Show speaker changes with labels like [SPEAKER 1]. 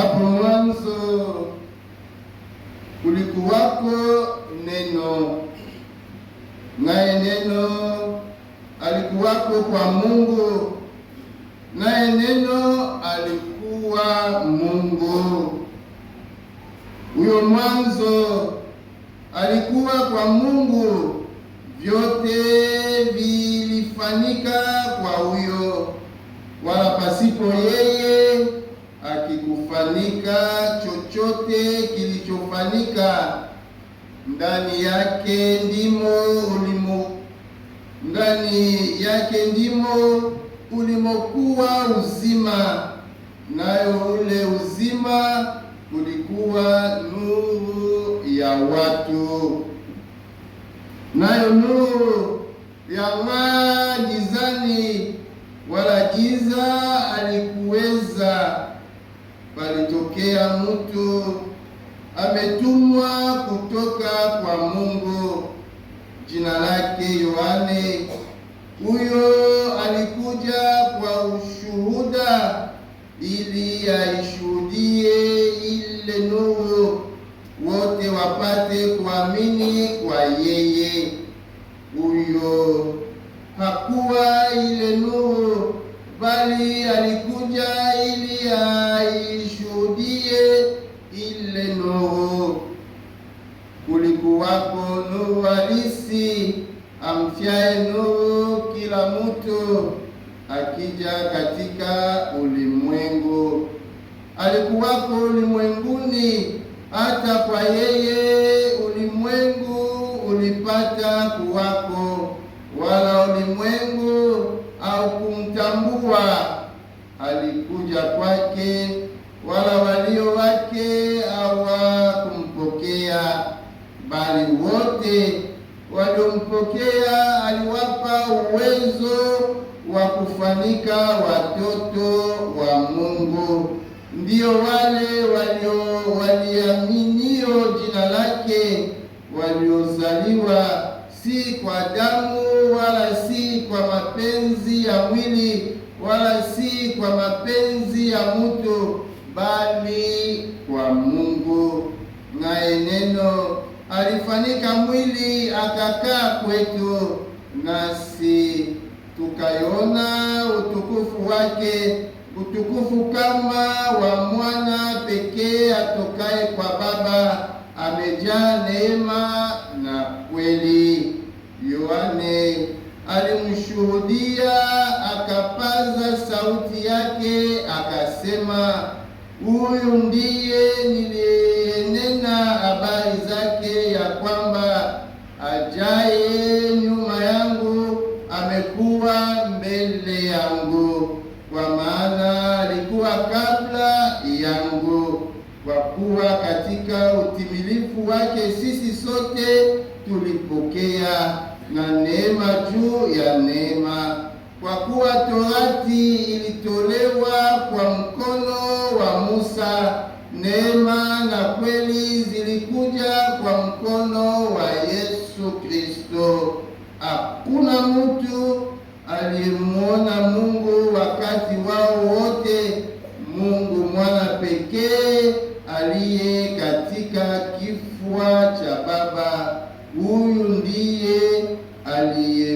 [SPEAKER 1] Hapo mwanzo kulikuwako neno, naye neno alikuwako kwa Mungu, naye neno alikuwa Mungu. Huyo mwanzo alikuwa kwa Mungu, vyote vilifanyika kwa huyo, wala pasipo yeye kufanyika, ndani yake ndimo ulimo ndani yake ndimo ulimokuwa uzima, nayo ule uzima ulikuwa nuru ya watu, nayo nuru yang'aa gizani, wala giza alikuweza. Palitokea mtu ametumwa kutoka kwa Mungu, jina lake Yohane. Huyo alikuja kwa ushuhuda, ili aishuhudie ile nuru, wote wapate kuamini kwa yeye. Huyo hakuwa ile nuru, bali alikuja ili mwarisi amtiaye nuru, kila mtu akija katika ulimwengu. Alikuwako ulimwenguni, hata kwa yeye ulimwengu ulipata kuwako, wala ulimwengu haukumtambua. Alikuja kwake, wala walio wake wale wote waliompokea aliwapa uwezo wa kufanika watoto wa Mungu, ndio wale walio waliaminio jina lake, waliozaliwa si kwa damu wala si kwa mapenzi ya mwili wala si kwa mapenzi ya mtu, bali kwa Mungu. Naye neno alifanyika mwili akakaa kwetu, nasi tukaiona utukufu wake, utukufu kama wa mwana pekee atokaye kwa Baba, amejaa neema na kweli. Yohane alimshuhudia akapaza sauti yake akasema, huyu ndiye nili uadilifu wake sisi sote tulipokea, na neema juu ya neema, kwa kuwa torati ilitolewa kwa mkono wa Musa, neema na kweli zilikuja kwa mkono wa Yesu Kristo. Hakuna mtu aliyemwona Mungu wakati wao wote huyu ndiye aliye